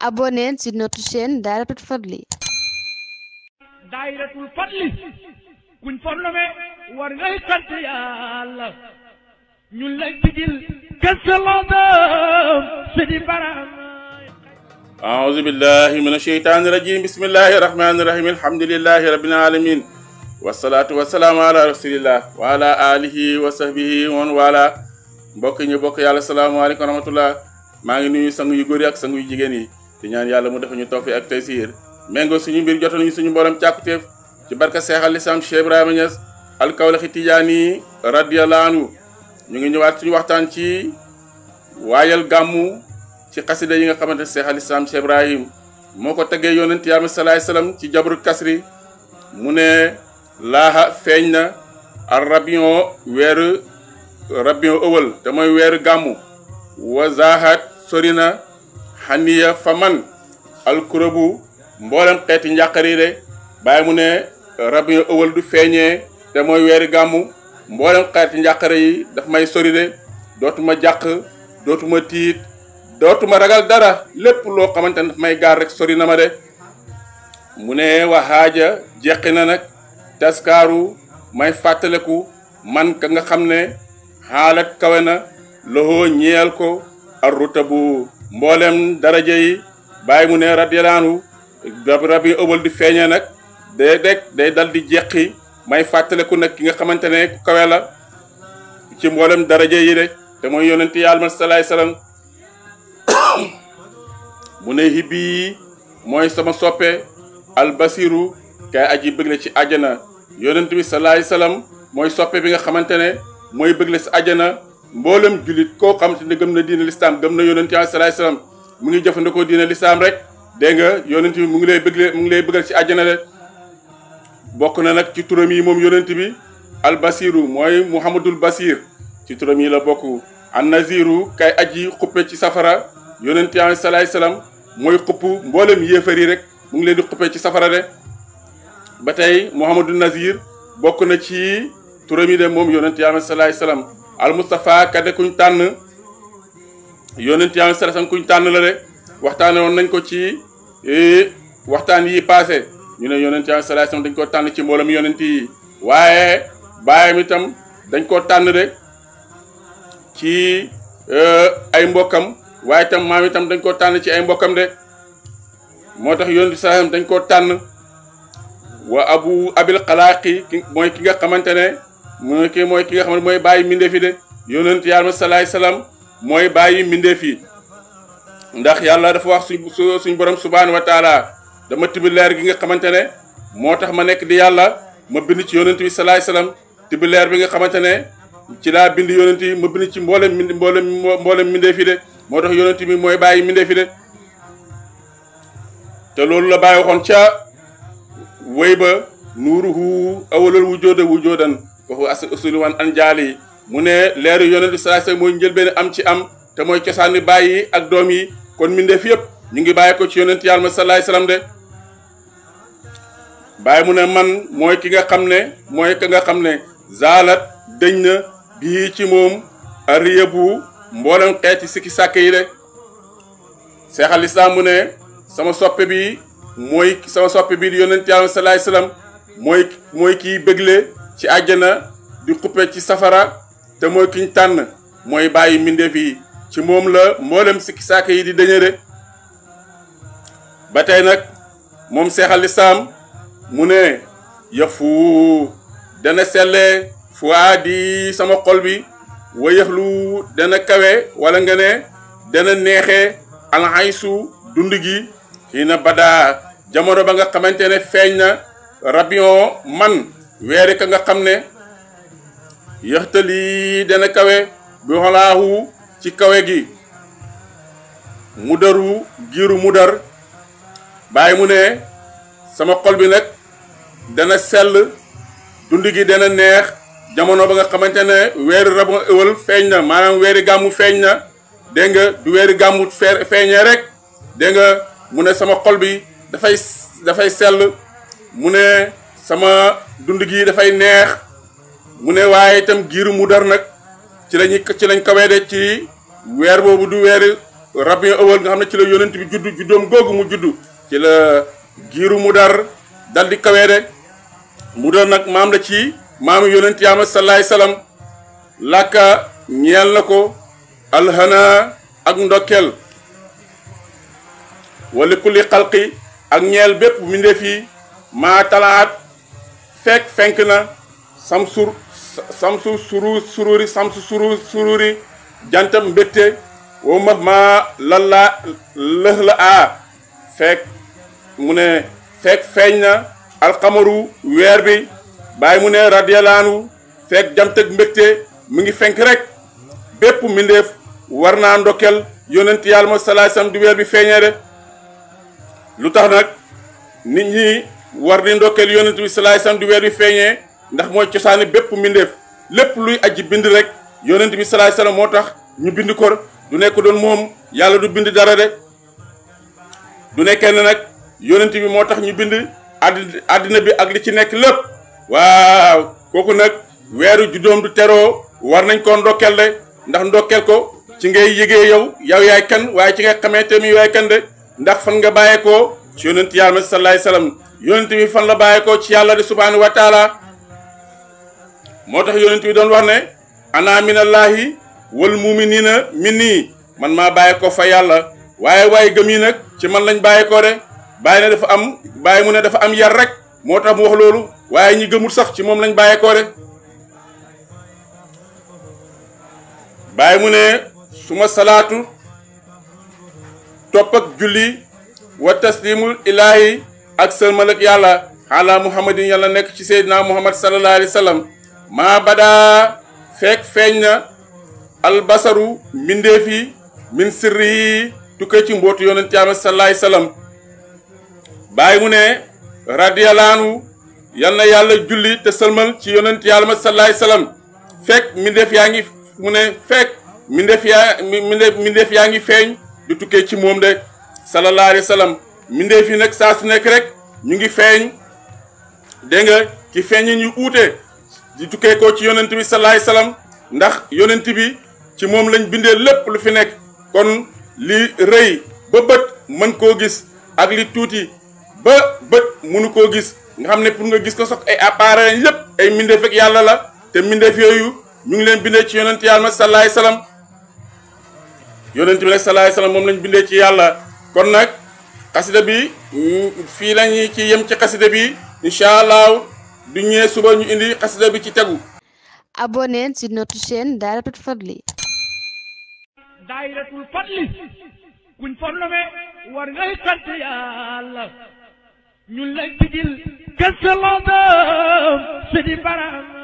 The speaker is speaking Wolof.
abonnez sur notre chaîne Dahiratoul Fadly Dahiratoul Fadly kuñ fornome war ngay sant yàlla ñun lay tigil kasaladam sidi baram أعوذ بالله من الشيطان الرجيم بسم الله الرحمن الرحيم الحمد لله رب العالمين والصلاة والسلام على رسول الله وعلى آله وصحبه ومن والاه mbokk ñu bokk yàlla salaamaaleykum wa rahmatullah maa ngi nuyu sang yu góor yi ak sang yu jigéen yi di ñaan yàlla mu def ñu tawfiq ak taysiir méngoo suñu mbir jotal ñu suñu borom càkkuteef ci barka Seex al Islaam Cheikh Ibrahima Niass al Kawlaxi Tijaani radiyallahu anhu ñu ngi ñëwaat suñu waxtaan ci waajal gàmmu ci xasida yi nga xamante ne Seex al Islaam moo ko tegee yonent yaama salaay salaam ci jabrul kasri mu ne laaha feeñ na a rabion weeru rabion ëwal te mooy weeru gàmmu wa zahat sori na xaniya fa man alkurabu mboolem xeeti njàqar yi mu ne rab yu ëwal du feeñee te mooy weeri gàmmu mboolem xeeti njàqare yi daf may sori dootuma jàq dootuma tiit dootuma ragal dara lépp loo xamante may gaar rek sori na ma mu ne waxaaja jeqi na nag taskaaru may fàttaleku man ka nga xam ne xaalat kawe na loxoo ñeel ko arruta bu mboolem daraja yi bàyyi mu ne radiyallahu anhu rab yi ëwal di feeñee nag day rek day dal di jeqi may fàttaleku nag ki nga xamante ne ku ci mboolem daraja yi rek te mooy yonent yàlla salaay salaam mu ne hibbi mooy sama soppe albasiru kay aji bëgg la ci àjjana yonent bi salaay salaam mooy soppe bi nga xamante ne mooy bëgg la si àjjana mboolem jullit koo xam te ne gëm na diine lislaam gëm na yonent alayhi salaam mu ngi jëfandikoo diine lislaam rek dégg nga yonent bi mu ngi lay bëgg mu ngi lay bëggal ci àjjana de bokk na nag ci turam yi moom yonent bi al basiru mooy muhammadul basir ci turam la bokk an naziru kay aji xuppe ci safara yonent alayhi salaam mooy xupp mboolem yéefar yi rek mu ngi leen di xuppe ci safara de ba tey muhammadul nazir bokk na ci turam yi de moom yonent alayhi salaam al Moustapha kadde kuñ tànn yonent yaa ngi sarasam kuñ tànn la de waxtaane woon nañ ko ci e, waxtaan yi passé ñu ne yonent yaa ngi dañ koo tànn ci mboolem yonent yi waaye baayam itam dañ koo tànn de ci e, ay mbokkam waaye itam maam itam dañ koo tànn ci ay mbokkam de moo tax yonent sarasam dañ koo tànn wa abu abil xalaaqi mooy ki nga xamante ne mu ne kii mooy ki mooy bàyyi mbindeef yi de yonent yàlla salaay salaam mooy bàyyi mbindeef yi ndax yàlla dafa wax suñ suñ borom subhaanahu wa taala dama tibb leer gi nga xamante ne moo tax ma nekk di yàlla ma bind ci yonent bi salaay salaam tibb bi nga xamante ne ci laa bind yonent yi ma bind ci mboolem mbind mboole mboolem mbindeef yi de moo tax yonent bi mooy bàyyi mbindeef yi de te loolu la bàyyi waxoon ca wéy ba nuuruhu awalal wujooda wujoodan kooku as usulu wan an jaal yi mu ne leeru yonent bi sallallahu alayhi wasallam mooy njëlbeen am ci am te mooy cosaani baay yi ak doom yi kon mbindeef yëpp ñu ngi bàyyi ko ci yonent yàlla ma sallallahu alayhi mu ne man mooy ki nga xam ne mooy ki xam ne zaalat dëñ na bii ci moom ariyebu mboolem xeeti sikki sàkk yi de seex ne sama soppe bi mooy sama soppe bi di yonent yàlla ma sallallahu alayhi kii bëgle ci àjjana di xuppe ci safara te mooy kiñ tànn mooy bàyyi mbindeef yi ci moom la mboolem sikki saaka yi di dëñëre ba tey nag moom seex al islaam mu ne yafu dana selle fois di sama xol bi wayaxlu dana kawe wala nga ne dana neexee alxaysu dund gi xii na badaa jamono ba nga xamante ne feeñ na rabion man weere ka nga xam ne yaxtali dana kawe bi xolaahu ci kawe gi mudaru giiru mudar bàyyi mu ne sama xol bi nag dana sell dund gi dana neex jamono ba nga xamante ne weeri rabu ëwal feeñ na maanaam weeri gàmmu feeñ na dégg nga du weeri gàmmu feeñee rek dégg nga mu ne sama xol bi dafay dafay sell mu ne sama dund gii dafay neex mu ne waaye itam giiru mu dar nag ci lañuy ci lañ kawee ci weer boobu du weer rabiul awwal nga xam ne ci la yonent bi juddu juddoom googu mu juddu ci la giiru mu dar dal di kawee mu dar nag maam la ci maamu yonent yaama salaay salaam làkka ñeel na ko alhana ak ndokkeel wala kulli xalqi ak ñeel bépp mbindeef yi maa talaat fekk fenk na samsur samsu suru sururi samsu sururi jantam mbétte wow ma ma lalla lëx la a fekk mu ne fekk feeñ na alxamaru weer bi bàyyi mu ne radiyalaanu fekk jamtëg mbétte mu ngi fenk rek bépp mbindeef war naa ndokkel yonent yàlla ma salaay sam di weer bi feeñee de lu tax nag nit ñi war di ndokkeel yonent bi salaay sam di weer wi feeñee ndax mooy cosaani bépp mbindeef lépp luy aji bind rek yonent bi salaay salaam moo tax ñu bind ko du nekk doon moom yàlla du bind dara de du nekkee ne nag yonent bi moo tax ñu bind àddina bi ak li ci nekk lépp waaw kooku nag weeru juddoom du teroo war nañ koo ndokkeel de ndax ndokkeel ko ci ngay yëgee yow yow yaay kan waaye ci nga xamee tamit yaay kan de ndax fan nga bàyyeekoo ci yonent yàlla sallallahu alayhi yonent bi fan la bàyyi ko ci yàlla di subhanahu wa moo tax yonent bi doon wax ne ana minallaahi wal mi nii man maa bàyyi ko fa yàlla waaye waaye gëm yi nag ci man lañu bàyyi ko de bàyyi ne dafa am bàyyi mu ne dafa am yar rek moo tax mu wax loolu waaye ñi gëmul sax ci moom lañu bàyyi ko de bàyyi mu ne suma salaatu topp ak julli wa taslimul ilaahi ak sëlmal ak yàlla ala muhammadin yàlla nekk ci seydina muhammad sallallahu alayhi wa maa badaa fekk feeñ na albasaru mbindeef yi min sirri yi tukkee ci mbootu yonent yàlla sallallahu alayhi wa sallam mu ne radiyallahu yal na yàlla julli te sëlmal ci yonent yàlla ma salaay salaam fekk mbindeef yaa ngi mu ne mbindeef yaa ngi feeñ du tukkee ci moom de sallallahu alayhi mbindéef yi nag saa su nekk rek ñu ngi feeñ dégg nga ci feeñin yu uute di tukkee ci yonent bi salaay salaam ndax yonent bi ci moom lañ bindee lépp lu fi nekk kon li rëy ba bët mën koo gis ak li tuuti ba bët mënu koo gis nga xam ne pour nga gis ko sax ay appareil lañ ay mbindéef ak yàlla la te mbindéef yooyu ñu ngi leen bindee ci yonent yàlla salaay salaam yonent bi nag salaay salaam moom lañ bindee ci yàlla kon nag. xasida bi fii lañu ci yem ci xasida bi incha allah du ñëwee suba ñu indi xasida bi ci tegu. abonnez sur notre chaîne Dahiratoul Fadly. Dahiratoul Fadly kuñ war ngay sant yàlla ñun lañ sigil kese la doon si di baram.